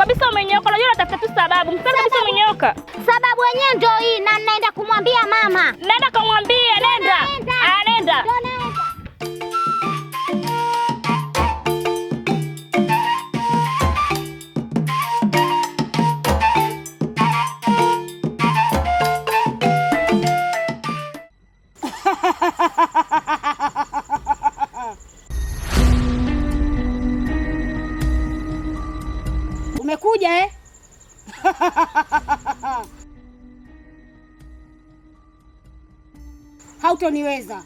kabisa umenyoka. Unajua natafuta tu sababu msana kabisa, umenyoka. Sababu yenyewe ndio hii, na naenda kumwambia mama. Nenda kamwambie, nenda, nenda, ah, nenda. umekuja eh? hautoniweza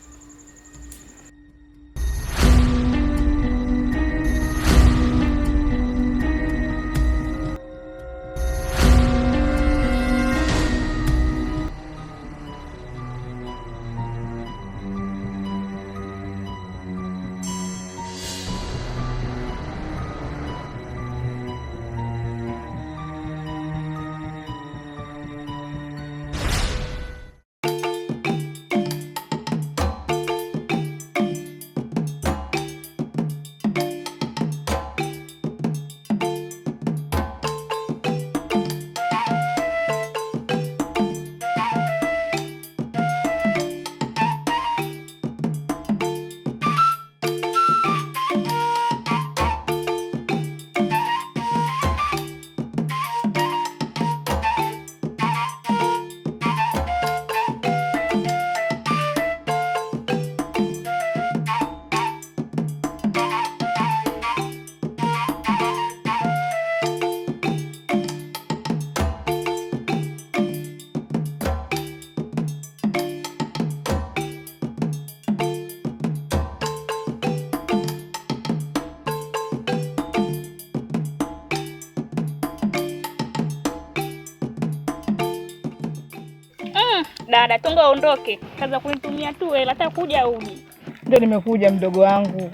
dada, tunga ondoke. Kaza kunitumia tu hela, hata kuja uji. Ndio nimekuja mdogo wangu,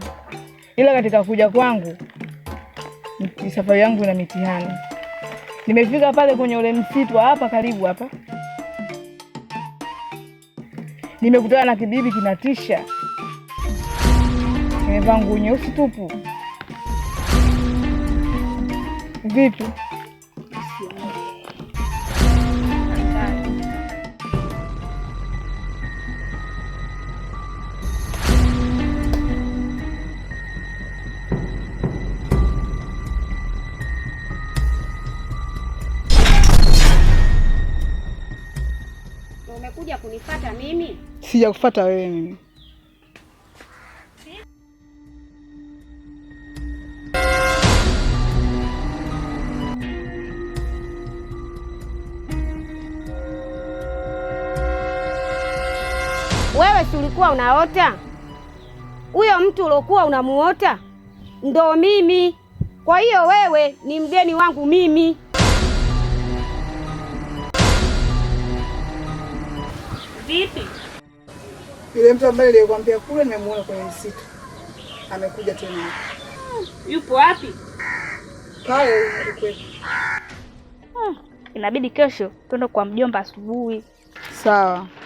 ila katika kuja kwangu safari yangu ina mitihani. Nimefika pale kwenye ule msitu hapa karibu hapa, nimekutana na kibibi kinatisha, nimevaa nguo nyeusi tupu vitu umekuja kunifata mimi? Sijakufata wewe mimi. Wewe si ulikuwa unaota huyo mtu uliokuwa unamuota ndo mimi. Kwa hiyo wewe ni mgeni wangu mimi. Vipi? Yule mtu ambaye nilikwambia kule nimemuona kwenye msitu. Amekuja tena. Ah, yupo wapi? Pale kwetu. Hmm. Inabidi kesho twende kwa mjomba asubuhi. Sawa.